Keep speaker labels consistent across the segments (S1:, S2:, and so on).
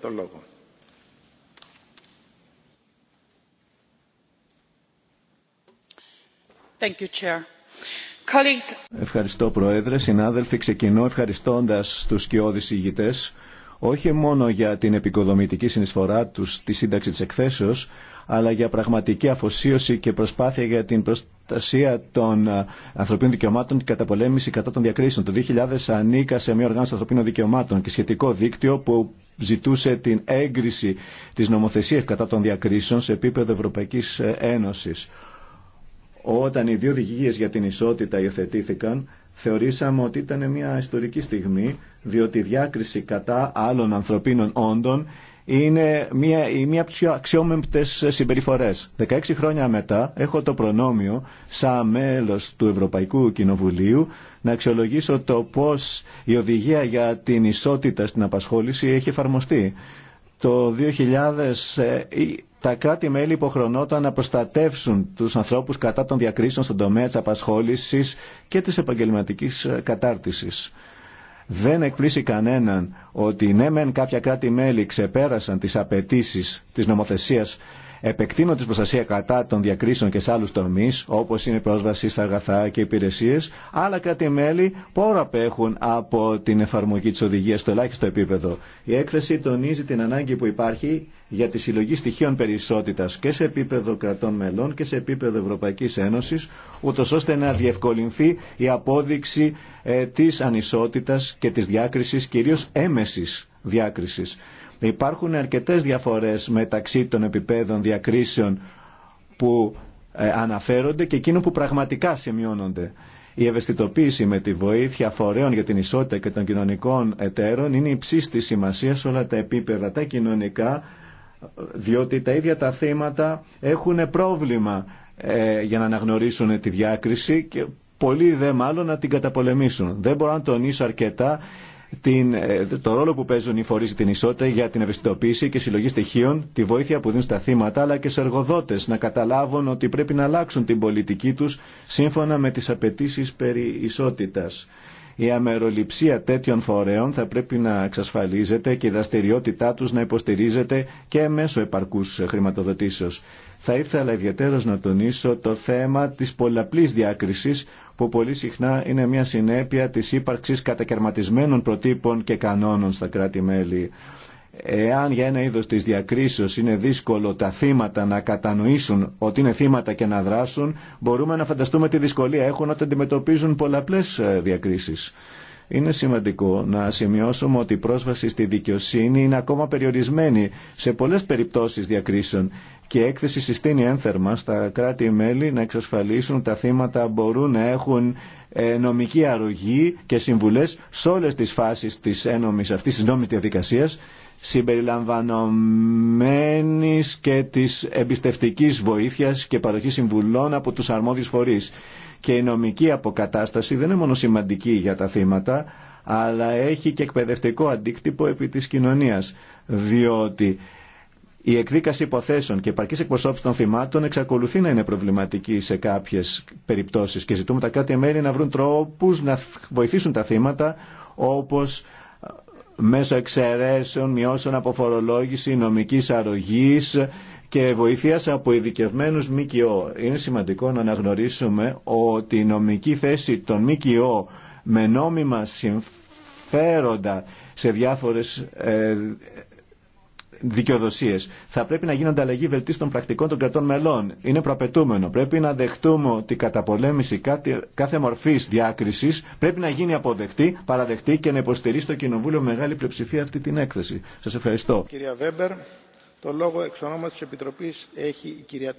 S1: το λόγο. Thank you, Chair.
S2: Ευχαριστώ Πρόεδρε, συνάδελφοι, ξεκινώ ευχαριστώντας τους σκιώδεις ηγητέ όχι μόνο για την επικοδομητική συνεισφορά του, στη σύνταξη τη εκθέσεως, αλλά για πραγματική αφοσίωση και προσπάθεια για την προστασία των ε, ανθρωπίνων δικαιωμάτων και καταπολέμηση κατά των διακρίσεων. Το 2000 ανήκα σε μια οργάνωση ανθρωπίνων δικαιωμάτων και σχετικό δίκτυο που ζητούσε την έγκριση της νομοθεσίας κατά των διακρίσεων σε επίπεδο Ευρωπαϊκής ε, Ένωσης. Όταν οι δύο οδηγίε για την ισότητα υιοθετήθηκαν, θεωρήσαμε ότι ήταν μια ιστορική στιγμή, διότι η διάκριση κατά άλλων ανθρωπίνων όντων είναι μία, μία από τι πιο αξιόμεμπτε συμπεριφορέ. 16 χρόνια μετά έχω το προνόμιο σαν μέλος του Ευρωπαϊκού Κοινοβουλίου να αξιολογήσω το πώς η οδηγία για την ισότητα στην απασχόληση έχει εφαρμοστεί. Το 2000 ε, τα κράτη-μέλη υποχρονόταν να προστατεύσουν τους ανθρώπους κατά των διακρίσεων στον τομέα της απασχόλησης και της επαγγελματικής ε, κατάρτισης. Δεν εκπλήσει κανέναν ότι ναι μεν κάποια κράτη-μέλη ξεπέρασαν τις απαιτήσεις της νομοθεσίας επεκτείνω την προστασία κατά των διακρίσεων και σε άλλου τομεί, όπω είναι η πρόσβαση σε αγαθά και υπηρεσίε. Άλλα κράτη-μέλη πόρο απέχουν από την εφαρμογή τη οδηγία στο ελάχιστο επίπεδο. Η έκθεση τονίζει την ανάγκη που υπάρχει για τη συλλογή στοιχείων περισσότητα και σε επίπεδο κρατών μελών και σε επίπεδο Ευρωπαϊκή Ένωση, ούτω ώστε να διευκολυνθεί η απόδειξη ε, τη ανισότητα και τη διάκριση, κυρίω έμεση διάκριση. Υπάρχουν αρκετές διαφορές μεταξύ των επιπέδων διακρίσεων που ε, αναφέρονται και εκείνων που πραγματικά σημειώνονται. Η ευαισθητοποίηση με τη βοήθεια φορέων για την ισότητα και των κοινωνικών εταίρων είναι υψίστη σημασία σε όλα τα επίπεδα, τα κοινωνικά, διότι τα ίδια τα θύματα έχουν πρόβλημα ε, για να αναγνωρίσουν τη διάκριση και πολλοί δε μάλλον να την καταπολεμήσουν. Δεν μπορώ να τονίσω αρκετά ε, το ρόλο που παίζουν οι φορείς την ισότητα για την ευαισθητοποίηση και συλλογή στοιχείων, τη βοήθεια που δίνουν στα θύματα αλλά και σε εργοδότε να καταλάβουν ότι πρέπει να αλλάξουν την πολιτική του σύμφωνα με τι απαιτήσει περί ισότητας. Η αμεροληψία τέτοιων φορέων θα πρέπει να εξασφαλίζεται και η δραστηριότητά τους να υποστηρίζεται και μέσω επαρκούς χρηματοδοτήσεως. Θα ήθελα ιδιαίτερως να τονίσω το θέμα της πολλαπλής διάκρισης που πολύ συχνά είναι μια συνέπεια της ύπαρξης κατακαιρματισμένων προτύπων και κανόνων στα κράτη-μέλη. Εάν για ένα είδος της διακρίσεως είναι δύσκολο τα θύματα να κατανοήσουν ότι είναι θύματα και να δράσουν, μπορούμε να φανταστούμε τη δυσκολία έχουν όταν αντιμετωπίζουν πολλαπλές ε, διακρίσεις. Είναι σημαντικό να σημειώσουμε ότι η πρόσβαση στη δικαιοσύνη είναι ακόμα περιορισμένη σε πολλές περιπτώσεις διακρίσεων και η έκθεση συστήνει ένθερμα στα κράτη-μέλη να εξασφαλίσουν τα θύματα μπορούν να έχουν ε, νομική αρρωγή και συμβουλές σε όλες τις φάσεις της ένομης αυτής της νόμης διαδικασίας συμπεριλαμβανομένης και της εμπιστευτικής βοήθειας και παροχή συμβουλών από τους αρμόδιους φορείς. Και η νομική αποκατάσταση δεν είναι μόνο σημαντική για τα θύματα, αλλά έχει και εκπαιδευτικό αντίκτυπο επί της κοινωνίας, διότι η εκδίκαση υποθέσεων και επαρκή εκπροσώπηση των θυμάτων εξακολουθεί να είναι προβληματική σε κάποιες περιπτώσεις και ζητούμε τα κράτη-μέρη να βρουν τρόπους να βοηθήσουν τα θύματα, όπως μέσω εξαιρέσεων, μειώσεων από φορολόγηση, νομικής αρρωγής και βοήθειας από ειδικευμένους ΜΚΟ. Είναι σημαντικό να αναγνωρίσουμε ότι η νομική θέση των ΜΚΟ με νόμιμα συμφέροντα σε διάφορες ε, δικαιοδοσίε. Θα πρέπει να γίνονται αλλαγή βελτίστων πρακτικών των κρατών μελών. Είναι προαπαιτούμενο. Πρέπει να δεχτούμε ότι η καταπολέμηση κάθε μορφή διάκριση πρέπει να γίνει αποδεκτή, παραδεκτή και να υποστηρίσει το Κοινοβούλιο μεγάλη πλειοψηφία αυτή την έκθεση. Σα ευχαριστώ.
S1: Κυρία Βέμπερ, το λόγο εξ Επιτροπή έχει η κυρία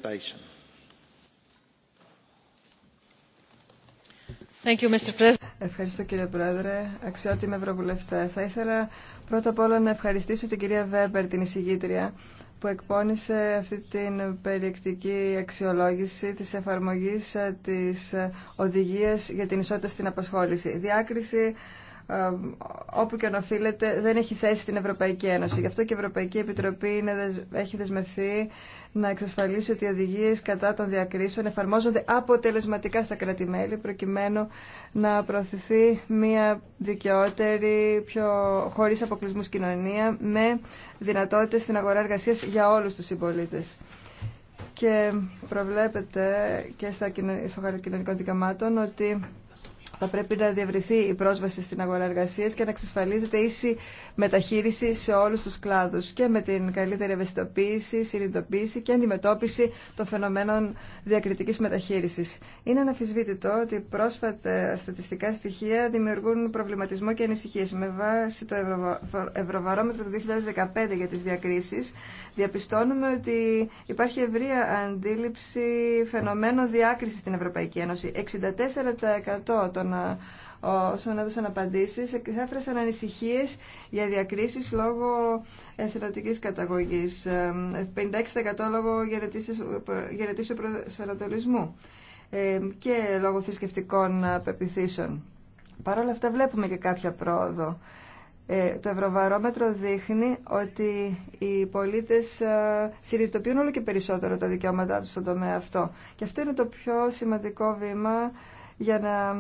S3: Ευχαριστώ κύριε Πρόεδρε, αξιότιμη Ευρωβουλευτέ. Θα ήθελα πρώτα απ' όλα να ευχαριστήσω την κυρία Βέμπερ, την εισηγήτρια, που εκπώνησε αυτή την περιεκτική αξιολόγηση της εφαρμογής ε, της ε, οδηγίας για την ισότητα στην απασχόληση. Διάκριση όπου και αν οφείλεται, δεν έχει θέση στην Ευρωπαϊκή Ένωση. Γι' αυτό και η Ευρωπαϊκή Επιτροπή έχει δεσμευθεί να εξασφαλίσει ότι οι οδηγίε κατά των διακρίσεων εφαρμόζονται αποτελεσματικά στα κράτη-μέλη, προκειμένου να προωθηθεί μια δικαιότερη, πιο χωρί αποκλεισμού κοινωνία, με δυνατότητε στην αγορά εργασία για όλου του συμπολίτε και προβλέπεται και στα, στο κοινωνικών δικαιωμάτων ότι θα πρέπει να διευρυθεί η πρόσβαση στην αγορά εργασία και να εξασφαλίζεται ίση μεταχείριση σε όλου του κλάδου και με την καλύτερη ευαισθητοποίηση, συνειδητοποίηση και αντιμετώπιση των φαινομένων διακριτική μεταχείριση. Είναι αναφυσβήτητο ότι πρόσφατα στατιστικά στοιχεία δημιουργούν προβληματισμό και ανησυχίε. Με βάση το Ευρωβαρόμετρο του 2015 για τι διακρίσει, διαπιστώνουμε ότι υπάρχει ευρία αντίληψη φαινομένων διάκριση στην Ευρωπαϊκή Ένωση. 64% όσο όσων έδωσαν απαντήσεις εξέφρασαν ανησυχίες για διακρίσεις λόγω εθελοντικής καταγωγής, 56% ε, λόγω γενετήσεων προσανατολισμού ε, και λόγω θρησκευτικών πεπιθήσεων. Παρ' όλα αυτά βλέπουμε και κάποια πρόοδο. Ε, το Ευρωβαρόμετρο δείχνει ότι οι πολίτες συνειδητοποιούν όλο και περισσότερο τα δικαιώματά τους στον τομέα αυτό. Και αυτό είναι το πιο σημαντικό βήμα για να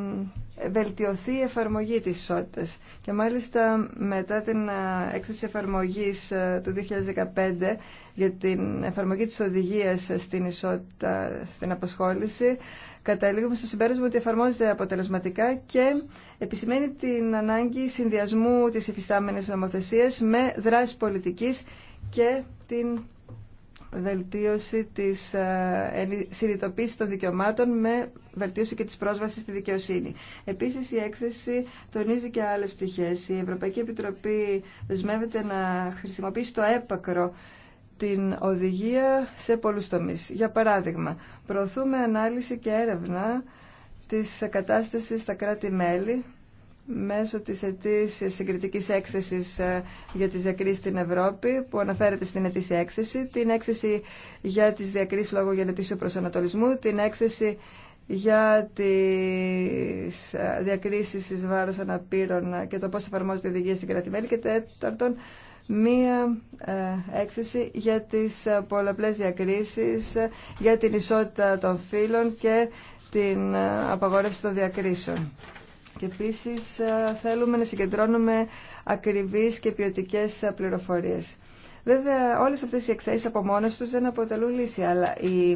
S3: βελτιωθεί η εφαρμογή της ισότητας. Και μάλιστα μετά την ε, έκθεση εφαρμογής ε, του 2015 για την εφαρμογή της οδηγίας στην ισότητα στην απασχόληση, καταλήγουμε στο συμπέρασμα ότι εφαρμόζεται αποτελεσματικά και επισημαίνει την ανάγκη συνδυασμού της υφιστάμενης νομοθεσίας με δράση πολιτικής και την βελτίωση της ε, συνειδητοποίησης των δικαιωμάτων με βελτίωση και της πρόσβασης στη δικαιοσύνη. Επίσης η έκθεση τονίζει και άλλες πτυχές. Η Ευρωπαϊκή Επιτροπή δεσμεύεται να χρησιμοποιήσει το έπακρο την οδηγία σε πολλούς τομείς. Για παράδειγμα, προωθούμε ανάλυση και έρευνα της κατάστασης στα κράτη-μέλη μέσω της ετήσια συγκριτικής έκθεσης ε, για τις διακρίσεις στην Ευρώπη που αναφέρεται στην ετήσια έκθεση, την έκθεση για τις διακρίσεις λόγω γενετήσιου προσανατολισμού, την έκθεση για τις ε, διακρίσεις εις βάρος αναπήρων και το πώς εφαρμόζεται η οδηγία στην κρατημέλη και τέταρτον μία ε, έκθεση για τις πολλαπλές διακρίσεις, για την ισότητα των φύλων και την απαγόρευση των διακρίσεων. Και επίσης ε, θέλουμε να συγκεντρώνουμε ακριβείς και ποιοτικέ ε, πληροφορίες. Βέβαια, όλες αυτές οι εκθέσεις από μόνες τους δεν αποτελούν λύση, αλλά η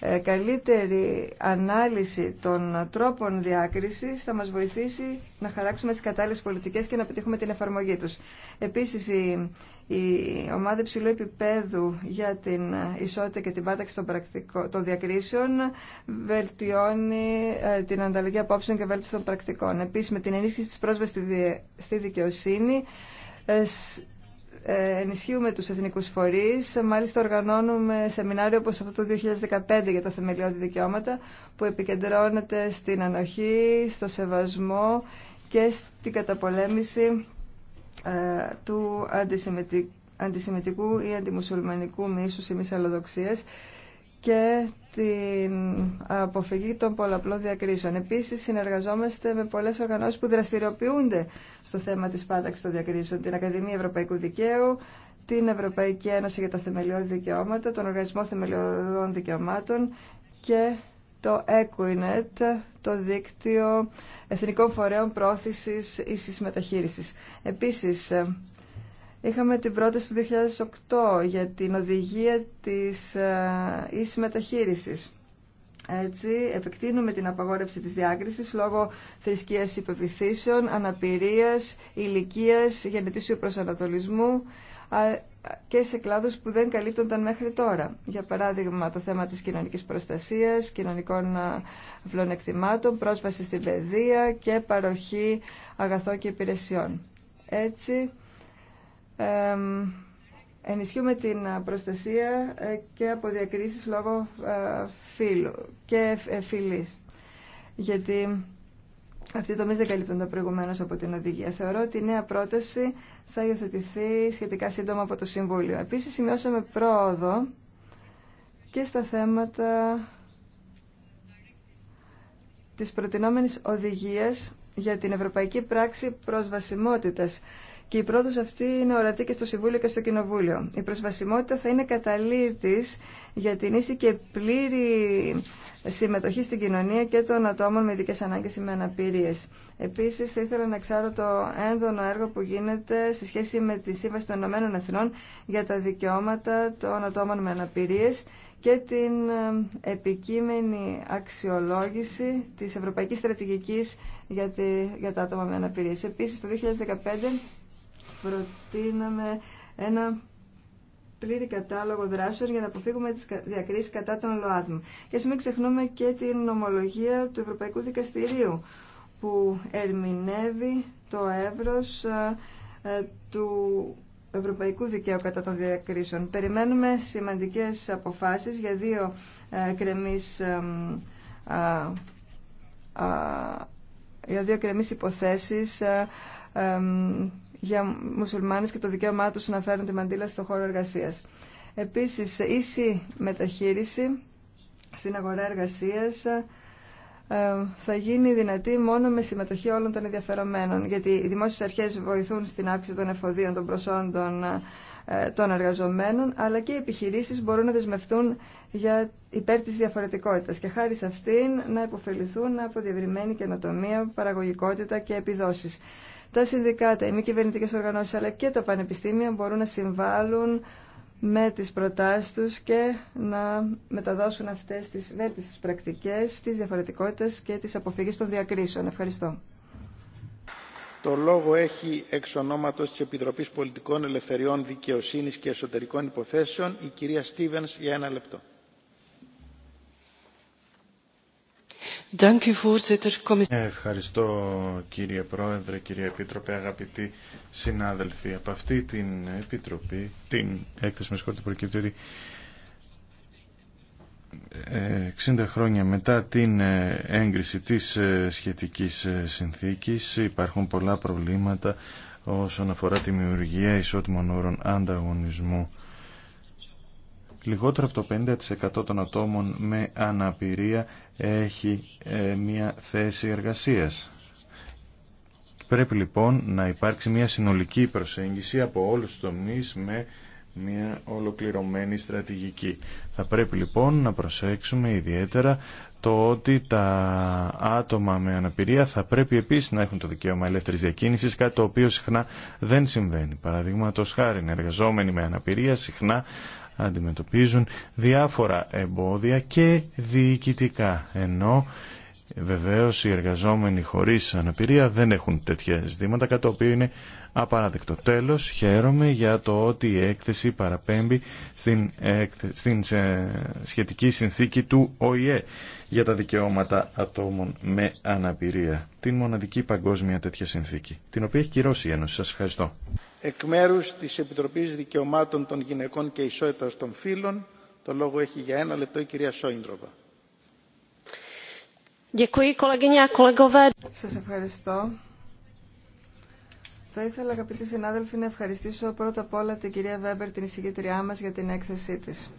S3: ε, καλύτερη ανάλυση των τρόπων διάκρισης θα μας βοηθήσει να χαράξουμε τις κατάλληλες πολιτικές και να πετύχουμε την εφαρμογή τους. Επίσης, η, ομάδα υψηλού επίπεδου για την ισότητα και την πάταξη των, πρακτικό των διακρίσεων βελτιώνει ε, την ανταλλαγή απόψεων και βέλτιση των πρακτικών. Επίσης, με την ενίσχυση της πρόσβασης στη, δικαιοσύνη, ε, ε, ενισχύουμε τους εθνικούς φορείς, μάλιστα οργανώνουμε σεμινάριο όπως αυτό το 2015 για τα θεμελιώδη δικαιώματα που επικεντρώνεται στην ανοχή, στο σεβασμό και στην καταπολέμηση ε, του αντισημιτικού ή αντιμουσουλμανικού μίσους ή μυσαλλοδοξίας και την αποφυγή των πολλαπλών διακρίσεων. Επίσης, συνεργαζόμαστε με πολλές οργανώσεις που δραστηριοποιούνται στο θέμα της πάταξης των διακρίσεων, την Ακαδημία Ευρωπαϊκού Δικαίου, την Ευρωπαϊκή Ένωση για τα Θεμελιώδη Δικαιώματα, τον Οργανισμό Θεμελιωδών Δικαιωμάτων και το EQUINET, το Δίκτυο Εθνικών Φορέων Πρόθεσης Ίσης Μεταχείρισης. Επίσης, Είχαμε την πρόταση του 2008 για την οδηγία της ε, ίσης μεταχείρισης. Έτσι, επεκτείνουμε την απαγόρευση της διάκρισης λόγω θρησκείας υπευθύσεων, αναπηρίας, ηλικίας, γενετήσιου προσανατολισμού και σε κλάδους που δεν καλύπτονταν μέχρι τώρα. Για παράδειγμα, το θέμα της κοινωνικής προστασίας, κοινωνικών ε, εκτιμάτων, πρόσβαση στην παιδεία και παροχή αγαθών και υπηρεσιών. Έτσι, ενισχύουμε την προστασία ε, και από διακρίσεις λόγω ε, φύλου και ε, φιλής Γιατί αυτή το τομείς δεν καλύπτονται προηγουμένω από την οδηγία. Θεωρώ ότι η νέα πρόταση θα υιοθετηθεί σχετικά σύντομα από το Συμβούλιο. Επίσης, σημειώσαμε πρόοδο και στα θέματα της προτινόμενης οδηγίας για την Ευρωπαϊκή Πράξη Προσβασιμότητας και η πρόοδο αυτή είναι ορατή και στο Συμβούλιο και στο Κοινοβούλιο. Η προσβασιμότητα θα είναι καταλήτη για την ίση και πλήρη συμμετοχή στην κοινωνία και των ατόμων με ειδικέ ανάγκε ή με αναπηρίε. Επίση, θα ήθελα να ξέρω το έντονο έργο που γίνεται σε σχέση με τη Σύμβαση των Ηνωμένων Εθνών για τα δικαιώματα των ατόμων με αναπηρίε και την ε, επικείμενη αξιολόγηση της Ευρωπαϊκής Στρατηγικής για, τη, για τα άτομα με αναπηρίες. Επίσης, το 2015 προτείναμε ένα πλήρη κατάλογο δράσεων για να αποφύγουμε τις διακρίσεις κατά των ΛΟΑΔΜ. Και ας μην ξεχνούμε και την νομολογία του Ευρωπαϊκού Δικαστηρίου που ερμηνεύει το εύρος ε, ε, του Ευρωπαϊκού Δικαίου κατά των διακρίσεων. Περιμένουμε σημαντικές αποφάσεις για δύο ε, κρεμείς για δύο κρεμείς υποθέσεις για μουσουλμάνες και το δικαίωμά τους να φέρουν τη μαντήλα στο χώρο εργασίας. Επίσης, ίση μεταχείριση στην αγορά εργασίας ε, θα γίνει δυνατή μόνο με συμμετοχή όλων των ενδιαφερομένων, γιατί οι δημόσιες αρχές βοηθούν στην αύξηση των εφοδίων των προσόντων ε, των εργαζομένων, αλλά και οι επιχειρήσεις μπορούν να δεσμευτούν για υπέρ της διαφορετικότητας και χάρη σε αυτήν να υποφεληθούν από διευρυμένη καινοτομία, παραγωγικότητα και επιδόσεις. Τα συνδικάτα, οι μη κυβερνητικέ οργανώσει αλλά και τα πανεπιστήμια μπορούν να συμβάλλουν με τις προτάσεις τους και να μεταδώσουν αυτές τις βέλτιστες πρακτικές, τις διαφορετικότητες και τις αποφύγει των διακρίσεων. Ευχαριστώ.
S1: Το λόγο έχει εξ ονόματος της Επιτροπής Πολιτικών Ελευθεριών Δικαιοσύνης και Εσωτερικών Υποθέσεων η κυρία Στίβενς για ένα λεπτό.
S4: Ευχαριστώ κύριε Πρόεδρε, κύριε Επίτροπε, αγαπητοί συνάδελφοι. Από αυτή την Επιτροπή, την έκθεση με σχόλια προκύπτει 60 χρόνια μετά την ε, έγκριση της ε, σχετικής ε, συνθήκης υπάρχουν πολλά προβλήματα όσον αφορά τη δημιουργία ισότιμων όρων ανταγωνισμού Λιγότερο από το 50% των ατόμων με αναπηρία έχει ε, μια θέση εργασίας. Πρέπει λοιπόν να υπάρξει μια συνολική προσέγγιση από όλους τους τομείς με μια ολοκληρωμένη στρατηγική. Θα πρέπει λοιπόν να προσέξουμε ιδιαίτερα το ότι τα άτομα με αναπηρία θα πρέπει επίσης να έχουν το δικαίωμα ελεύθερης διακίνησης, κάτι το οποίο συχνά δεν συμβαίνει. Παραδείγματο χάρη, εργαζόμενοι με αναπηρία συχνά αντιμετωπίζουν διάφορα εμπόδια και διοικητικά, ενώ βεβαίως οι εργαζόμενοι χωρίς αναπηρία δεν έχουν τέτοια ζητήματα, κατά το οποίο είναι απαράδεκτο. Τέλος, χαίρομαι για το ότι η έκθεση παραπέμπει στην, στην ε, σχετική συνθήκη του ΟΗΕ για τα δικαιώματα ατόμων με αναπηρία. Την μοναδική παγκόσμια τέτοια συνθήκη, την οποία έχει κυρώσει η Ένωση. Σας ευχαριστώ.
S1: Εκ μέρους της Επιτροπής Δικαιωμάτων των Γυναικών και Ισότητας των Φύλων, το λόγο έχει για ένα λεπτό η κυρία Σόιντροβα.
S3: Σας ευχαριστώ. Θα ήθελα αγαπητοί συνάδελφοι να ευχαριστήσω πρώτα απ' όλα την κυρία Βέμπερ, την εισηγήτριά μας για την έκθεσή της.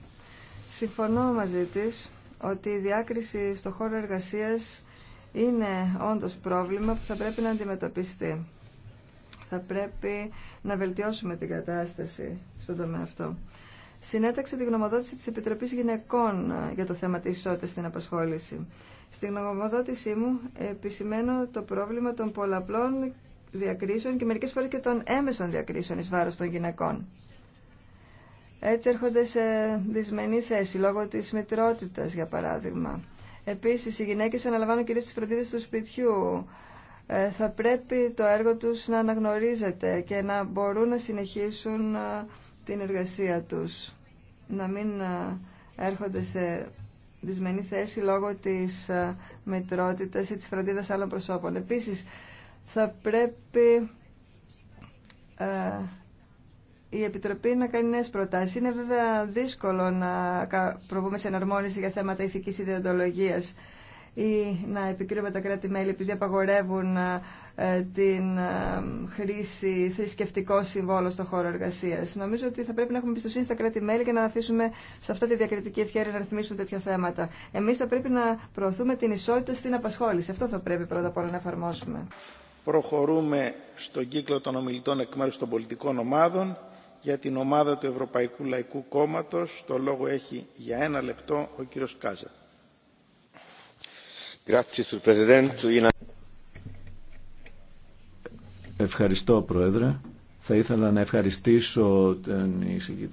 S3: Συμφωνώ μαζί της ότι η διάκριση στο χώρο εργασίας είναι όντως πρόβλημα που θα πρέπει να αντιμετωπιστεί. Θα πρέπει να βελτιώσουμε την κατάσταση στον τομέα αυτό. Συνέταξε τη γνωμοδότηση της Επιτροπής Γυναικών ε, για το θέμα της ισότητας στην απασχόληση. Στην γνωμοδότησή μου επισημαίνω το πρόβλημα των πολλαπλών διακρίσεων και μερικές φορές και των έμεσων διακρίσεων εις βάρος των γυναικών. Έτσι έρχονται σε δυσμενή θέση λόγω της μητρότητας, για παράδειγμα. Επίσης, οι γυναίκες αναλαμβάνουν κυρίως τις φροντίδες του σπιτιού. Ε, θα πρέπει το έργο τους να αναγνωρίζεται και να μπορούν να συνεχίσουν ε, την εργασία τους. Να μην ε, έρχονται σε δυσμενή θέση λόγω της μητρότητας ή της φροντίδας άλλων προσώπων. Επίσης, θα πρέπει ε, η Επιτροπή να κάνει νέες προτάσεις. Είναι βέβαια δύσκολο να προβούμε σε εναρμόνιση για θέματα ηθικής ιδεοντολογίας ή να επικρίνουμε τα κράτη-μέλη επειδή απαγορεύουν ε, την ε, χρήση θρησκευτικών συμβόλων στον χώρο εργασία. Νομίζω ότι θα πρέπει να έχουμε εμπιστοσύνη στα κράτη-μέλη και να αφήσουμε σε αυτά τη διακριτική ευχαίρεια να ρυθμίσουν τέτοια θέματα. Εμεί θα πρέπει να προωθούμε την ισότητα στην απασχόληση. Αυτό θα πρέπει πρώτα απ' όλα να εφαρμόσουμε. Προχωρούμε στον κύκλο των ομιλητών εκ μέρους των πολιτικών ομάδων. Για την
S1: ομάδα του Ευρωπαϊκού Λαϊκού Κόμματος, το λόγο έχει για ένα λεπτό ο κύριος Κάζα.
S2: Ευχαριστώ, Πρόεδρε. Θα ήθελα να ευχαριστήσω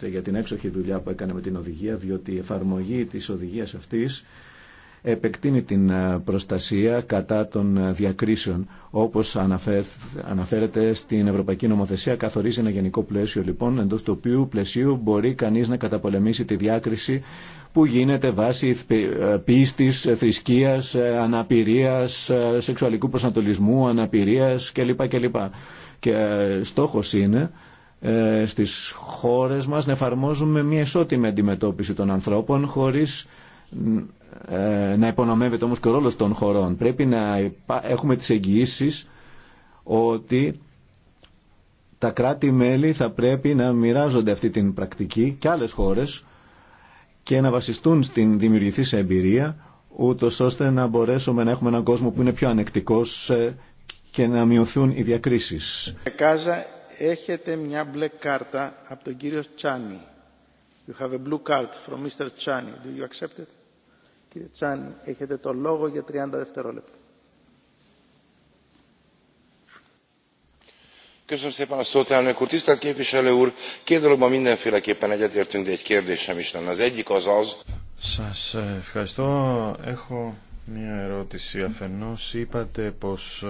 S2: για την έξοχη δουλειά που έκανε με την οδηγία, διότι η εφαρμογή της οδηγίας αυτής επεκτείνει την ε, προστασία κατά των ε, διακρίσεων. Όπως αναφέρεται στην Ευρωπαϊκή Νομοθεσία, καθορίζει ένα γενικό πλαίσιο λοιπόν, εντός του οποίου πλαισίου μπορεί κανείς να καταπολεμήσει τη διάκριση που γίνεται βάσει ε, πίστης, θρησκείας, αναπηρίας, σεξουαλικού προσανατολισμού, αναπηρίας κλπ. Και στόχος είναι στις χώρες μας να εφαρμόζουμε μια ισότιμη αντιμετώπιση των ανθρώπων χωρίς ε, να υπονομεύεται όμως και ο ρόλος των χωρών. Πρέπει να έχουμε τις εγγυήσει ότι τα κράτη-μέλη θα πρέπει να μοιράζονται αυτή την πρακτική και άλλες χώρες και να βασιστούν στην δημιουργηθή σε εμπειρία ούτω ώστε να μπορέσουμε να έχουμε έναν κόσμο που είναι πιο ανεκτικός ε, και να μειωθούν οι διακρίσεις.
S1: Κάζα, έχετε μια μπλε κάρτα από τον κύριο Τσάνι. You have a blue card from Mr. Chani. Do you accept it? Κύριε Τσάνι, έχετε το λόγο για 30 δευτερόλεπτα.
S4: Köszönöm szépen a szót, elnök úr. Tisztelt képviselő úr, két dologban mindenféleképpen egyetértünk, de egy kérdésem is lenne. Az egyik az az... Σας ευχαριστώ. Έχω μια ερώτηση. Αφενός είπατε πως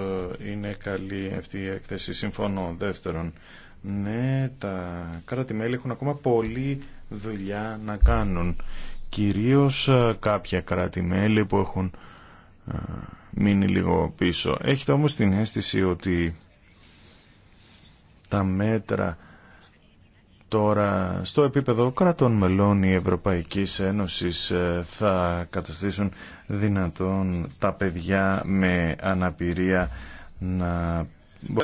S4: είναι καλή αυτή η έκθεση. Συμφωνώ. Δεύτερον, ναι, τα κράτη-μέλη έχουν ακόμα πολύ δουλειά να κάνουν. Κυρίως ε, κάποια κράτη-μέλη που έχουν ε, μείνει λίγο πίσω. Έχετε όμως την αίσθηση ότι τα μέτρα τώρα στο επίπεδο κρατών μελών η Ευρωπαϊκής Ένωσης ε, θα καταστήσουν δυνατόν τα παιδιά με αναπηρία να...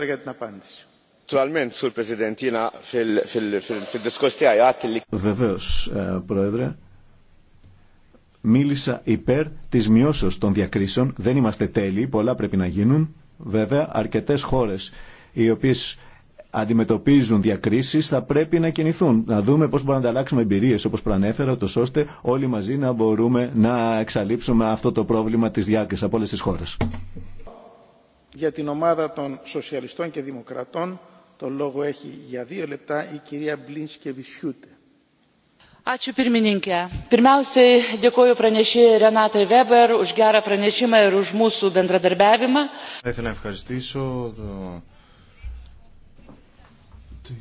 S1: για την απάντηση. Naturalment, sur President, fil li.
S2: Βεβαίως, ε, Πρόεδρε, μίλησα υπέρ της μειώσεως των διακρίσεων. Δεν είμαστε τέλειοι, πολλά πρέπει να γίνουν. Βέβαια, αρκετές χώρες οι οποίες αντιμετωπίζουν διακρίσεις θα πρέπει να κινηθούν. Να δούμε πώς μπορούμε να ανταλλάξουμε εμπειρίες όπως προανέφερα, τόσο ώστε όλοι μαζί να μπορούμε να εξαλείψουμε αυτό το πρόβλημα της διάκρισης από όλες τις χώρες.
S1: Για την ομάδα των Σοσιαλιστών και Δημοκρατών το λόγο έχει για δύο λεπτά η κυρία Μπλίνσκεβισιούτε.
S4: Ačiū pirmininkė. Pirmiausiai dėkoju pranešėjai Renatai Weber už gerą pranešimą ir už mūsų bendradarbiavimą. Θα ήθελα να ευχαριστήσω την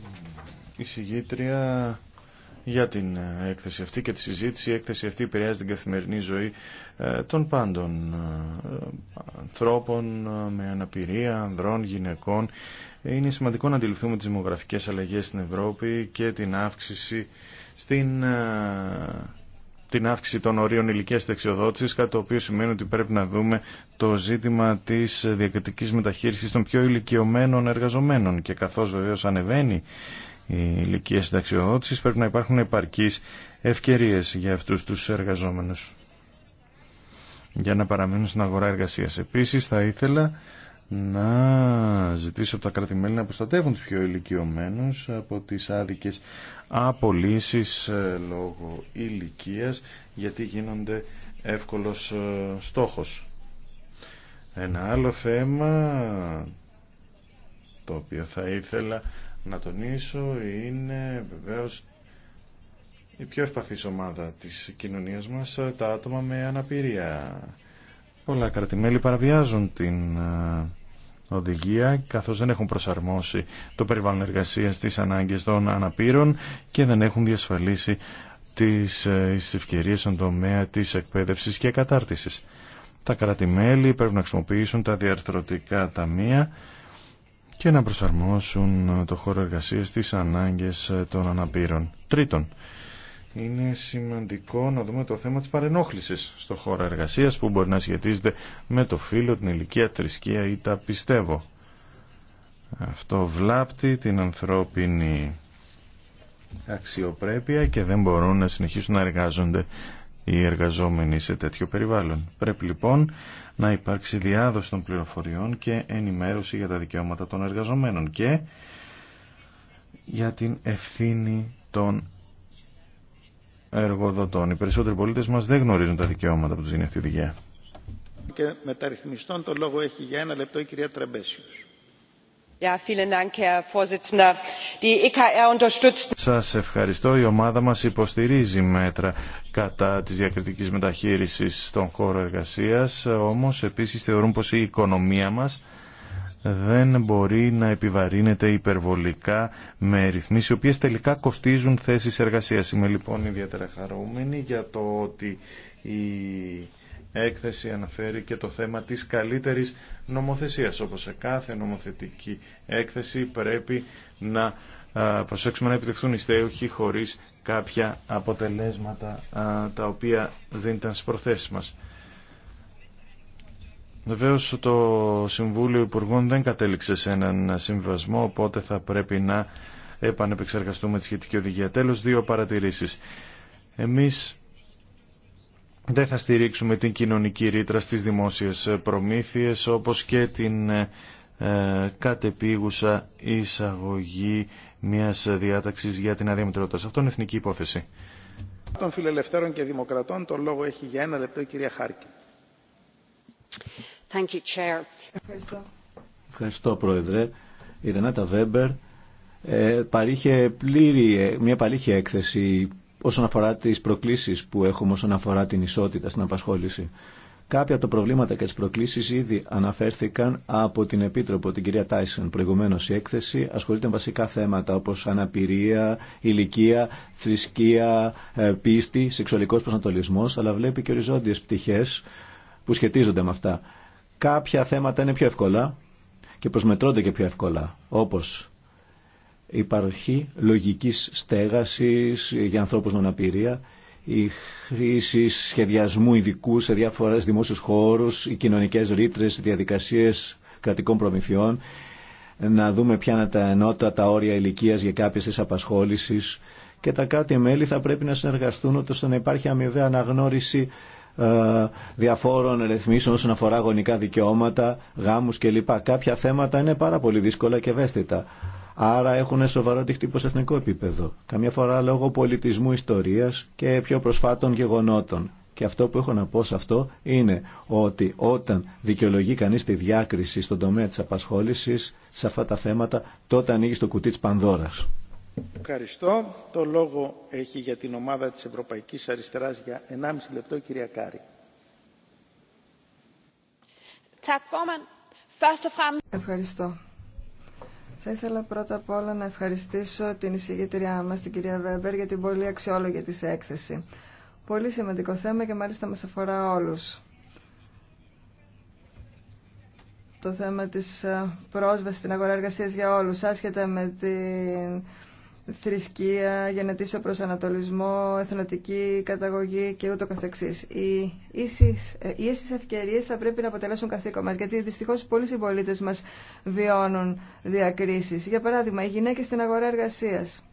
S4: εισηγήτρια για την ε, έκθεση αυτή και τη συζήτηση. Η έκθεση αυτή επηρεάζει την καθημερινή ζωή ε, των πάντων ε, ανθρώπων με αναπηρία, ανδρών, γυναικών είναι σημαντικό να αντιληφθούμε τις δημογραφικές αλλαγές στην Ευρώπη και την αύξηση, στην, την αύξηση των ορίων ηλικίας δεξιοδότησης, κάτι το οποίο σημαίνει ότι πρέπει να δούμε το ζήτημα της διακριτικής μεταχείρισης των πιο ηλικιωμένων εργαζομένων και καθώς βεβαίως ανεβαίνει η ηλικία συνταξιοδότηση πρέπει να υπάρχουν επαρκείς ευκαιρίες για αυτούς τους εργαζόμενους για να παραμείνουν στην αγορά εργασίας. Επίσης θα ήθελα να ζητήσω από τα μελη να προστατεύουν τους πιο ηλικιωμένους από τις άδικες απολύσεις ε, λόγω ηλικίας γιατί γίνονται εύκολος ε, στόχος. Ένα άλλο θέμα το οποίο θα ήθελα να τονίσω είναι βεβαίως η πιο ευπαθής ομάδα της κοινωνίας μας, τα άτομα με αναπηρία. Πολλά κρατημέλη παραβιάζουν την ε, οδηγία καθώς δεν έχουν προσαρμόσει το περιβάλλον εργασίας στις ανάγκες των αναπήρων και δεν έχουν διασφαλίσει ε, τις ευκαιρίες στον τομέα της εκπαίδευσης και κατάρτισης. Τα κράτη-μέλη πρέπει να χρησιμοποιήσουν τα διαρθρωτικά ταμεία και να προσαρμόσουν το χώρο εργασίας στις ανάγκες των αναπήρων. Τρίτον, είναι σημαντικό να δούμε το θέμα της παρενόχλησης στο χώρο εργασίας που μπορεί να σχετίζεται με το φίλο την ηλικία, θρησκεία ή τα πιστεύω. Αυτό βλάπτει την ανθρώπινη αξιοπρέπεια και δεν μπορούν να συνεχίσουν να εργάζονται οι εργαζόμενοι σε τέτοιο περιβάλλον. Πρέπει λοιπόν να υπάρξει διάδοση των πληροφοριών και ενημέρωση για τα δικαιώματα των εργαζομένων και για την ευθύνη των εργοδοτών. Οι περισσότεροι πολίτες μας δεν γνωρίζουν τα δικαιώματα που τους δίνει αυτή η οδηγία.
S1: Και μεταρρυθμιστών το λόγο έχει για ένα λεπτό η κυρία Τρεμπέσιος.
S3: E Σας ευχαριστώ.
S4: Η ομάδα μας υποστηρίζει μέτρα κατά της διακριτικής μεταχείρισης στον χώρο εργασίας, όμως επίσης θεωρούν πως η οικονομία μας δεν μπορεί να επιβαρύνεται υπερβολικά με ρυθμίσεις οι οποίες τελικά κοστίζουν θέσεις εργασίας. Είμαι λοιπόν ιδιαίτερα χαρούμενη για το ότι η έκθεση αναφέρει και το θέμα της καλύτερης νομοθεσίας. Όπως σε κάθε νομοθετική έκθεση πρέπει να προσέξουμε να επιτευχθούν οι στέοχοι χωρίς κάποια αποτελέσματα τα οποία δεν ήταν στις προθέσεις μας. Βεβαίω το Συμβούλιο Υπουργών δεν κατέληξε σε έναν συμβασμό, οπότε θα πρέπει να επανεπεξεργαστούμε τη σχετική οδηγία. Τέλος, δύο παρατηρήσεις. Εμείς δεν θα στηρίξουμε την κοινωνική ρήτρα στις δημόσιες προμήθειες, όπως και την ε, κατεπίγουσα εισαγωγή μιας διάταξης για την αδιαμετρότητα. Αυτό είναι εθνική υπόθεση.
S1: Των φιλελευθέρων και δημοκρατών το λόγο έχει για ένα λεπτό η κυρία Χάρκη.
S3: Thank you, Chair.
S4: Ευχαριστώ.
S2: Πρόεδρε. Η Ρενάτα Βέμπερ ε, παρήχε πλήρη, ε, μια παρήχη έκθεση όσον αφορά τις προκλήσεις που έχουμε όσον αφορά την ισότητα στην απασχόληση. Κάποια από τα προβλήματα και τις προκλήσεις ήδη αναφέρθηκαν από την Επίτροπο, την κυρία Τάισεν. προηγουμένω η έκθεση ασχολείται με βασικά θέματα όπως αναπηρία, ηλικία, θρησκεία, ε, πίστη, σεξουαλικός προσανατολισμός, αλλά βλέπει και οριζόντιες πτυχές που σχετίζονται με αυτά. Κάποια θέματα είναι πιο εύκολα και προσμετρώνται και πιο εύκολα, όπως η παροχή λογικής στέγασης για ανθρώπους με αναπηρία, η χρήση σχεδιασμού ειδικού σε διάφορες δημόσιους χώρους, οι κοινωνικές ρήτρες, οι διαδικασίες κρατικών προμηθειών, να δούμε ποια είναι τα ενότητα, τα όρια ηλικία για κάποιε τη απασχόληση και τα κράτη-μέλη θα πρέπει να συνεργαστούν ώστε να υπάρχει αμοιβαία αναγνώριση ε, διαφόρων ρυθμίσεων όσον αφορά γονικά δικαιώματα, γάμους κλπ. Κάποια θέματα είναι πάρα πολύ δύσκολα και ευαίσθητα. Άρα έχουν σοβαρό αντιχτύπο εθνικό επίπεδο. Καμιά φορά λόγω πολιτισμού, ιστορίας και πιο προσφάτων γεγονότων. Και αυτό που έχω να πω σε αυτό είναι ότι όταν δικαιολογεί κανείς τη διάκριση στον τομέα της απασχόλησης σε αυτά τα θέματα, τότε ανοίγει το κουτί της Πανδώρας.
S1: Ευχαριστώ. Το λόγο έχει για την ομάδα της Ευρωπαϊκής Αριστεράς για 1,5 λεπτό η κυρία Κάρη.
S3: Ευχαριστώ. Θα ήθελα πρώτα απ' όλα να ευχαριστήσω την εισηγήτριά μας, την κυρία Βέμπερ, για την πολύ αξιόλογη της έκθεση. Πολύ σημαντικό θέμα και μάλιστα μας αφορά όλους. Το θέμα της ε, πρόσβασης στην αγορά εργασίας για όλους, άσχετα με την θρησκεία, γενετήσιο προσανατολισμό, εθνοτική καταγωγή και ούτω καθεξής. Οι ίσεις, ε, οι ευκαιρίες θα πρέπει να αποτελέσουν καθήκον μας, γιατί δυστυχώς πολλοί συμπολίτε μας βιώνουν διακρίσεις. Για παράδειγμα, οι γυναίκες στην αγορά εργασίας.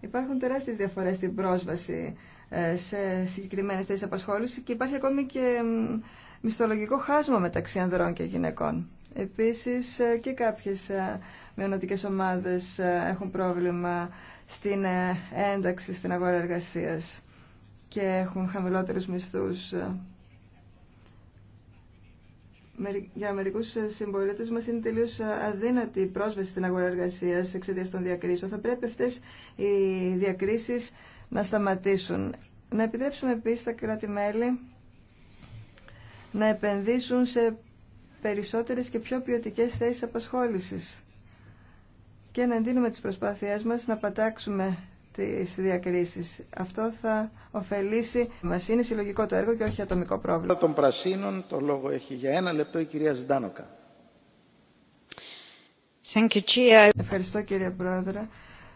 S3: Υπάρχουν τεράστιες διαφορές στην πρόσβαση ε, σε συγκεκριμένες θέσεις απασχόλησης και υπάρχει ακόμη και μισθολογικό χάσμα μεταξύ ανδρών και γυναικών. Επίσης ε, και κάποιες ε, μειονοτικές ομάδες ε, έχουν πρόβλημα στην ένταξη στην αγορά εργασίας και έχουν χαμηλότερους μισθούς. Για μερικούς συμπολίτες μας είναι τελείως αδύνατη η πρόσβαση στην αγορά εργασίας εξαιτίας των διακρίσεων. Θα πρέπει αυτές οι διακρίσεις να σταματήσουν. Να επιτρέψουμε επίσης τα κράτη-μέλη να επενδύσουν σε περισσότερες και πιο ποιοτικέ θέσεις απασχόλησης και να εντείνουμε τις προσπάθειές μας να πατάξουμε τις διακρίσεις. Αυτό θα ωφελήσει. Μας είναι συλλογικό το έργο και όχι ατομικό πρόβλημα. Των πρασίνων το λόγο έχει για ένα λεπτό η κυρία Ζντάνοκα. Ευχαριστώ κύριε Πρόεδρε.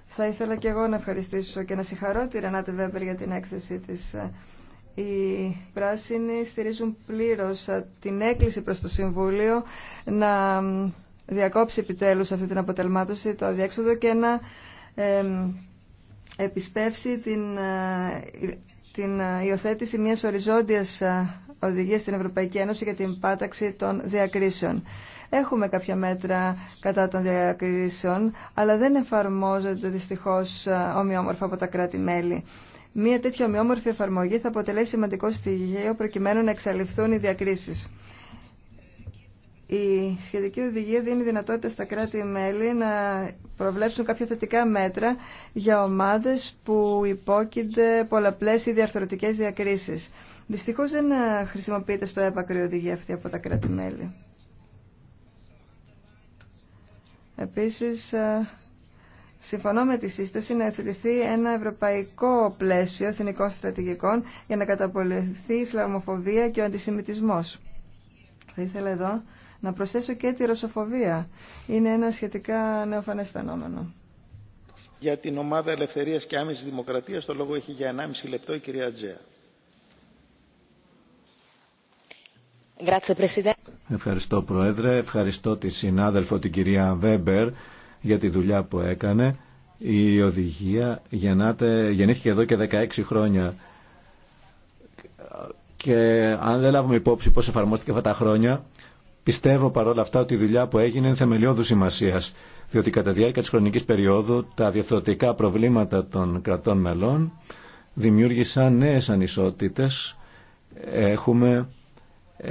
S3: Θα ήθελα και εγώ να ευχαριστήσω και να συγχαρώ τη Ρανάτε Βέμπερ για την έκθεσή της οι πράσινοι στηρίζουν πλήρως την έκκληση προς το Συμβούλιο να διακόψει επιτέλους αυτή την αποτελμάτωση το αδιέξοδο και να επισπεύσει την, την υιοθέτηση μιας οριζόντιας οδηγίας στην Ευρωπαϊκή Ένωση για την πάταξη των διακρίσεων. Έχουμε κάποια μέτρα κατά των διακρίσεων, αλλά δεν εφαρμόζονται δυστυχώς ομοιόμορφα από τα κράτη-μέλη. Μία τέτοια ομοιόμορφη εφαρμογή θα αποτελέσει σημαντικό στοιχείο προκειμένου να εξαλειφθούν οι διακρίσεις. Η σχετική οδηγία δίνει δυνατότητα στα κράτη-μέλη να προβλέψουν κάποια θετικά μέτρα για ομάδες που υπόκεινται πολλαπλές ή διαρθρωτικές διακρίσεις. Δυστυχώς δεν χρησιμοποιείται στο έπακρο η οδηγία αυτή από τα κράτη-μέλη. Επίσης, Συμφωνώ με τη σύσταση να εθετηθεί ένα ευρωπαϊκό πλαίσιο εθνικών στρατηγικών για να καταπολεμηθεί η Ισλαμοφοβία και ο αντισημιτισμός. Θα ήθελα εδώ να προσθέσω και τη ρωσοφοβία. Είναι ένα σχετικά νεοφανές φαινόμενο.
S1: Για την ομάδα Ελευθερίας και Άμεσης Δημοκρατίας το λόγο έχει για 1,5 λεπτό η κυρία Τζέα.
S2: Ευχαριστώ Πρόεδρε, ευχαριστώ τη συνάδελφο την κυρία Βέμπερ για τη δουλειά που έκανε. Η οδηγία γεννάται, γεννήθηκε εδώ και 16 χρόνια και αν δεν λάβουμε υπόψη πώς εφαρμόστηκε αυτά τα χρόνια, πιστεύω παρόλα αυτά ότι η δουλειά που έγινε είναι θεμελιώδου σημασία. Διότι κατά τη διάρκεια τη χρονική περίοδου τα διαθροτικά προβλήματα των κρατών μελών δημιούργησαν νέε ανισότητε. Έχουμε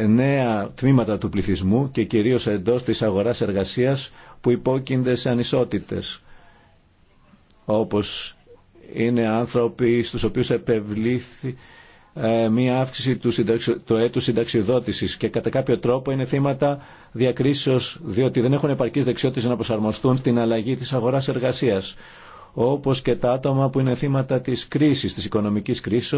S2: νέα τμήματα του πληθυσμού και κυρίως εντός της αγοράς εργασίας που υπόκεινται σε ανισότητες όπως είναι άνθρωποι στους οποίους επευλήθη ε, μία αύξηση του, συνταξι... του έτου συνταξιδότησης και κατά κάποιο τρόπο είναι θύματα διακρίσεως διότι δεν έχουν επαρκείς δεξιότητες να προσαρμοστούν στην αλλαγή της αγοράς εργασίας όπως και τα άτομα που είναι θύματα της κρίσης, της οικονομικής κρίσης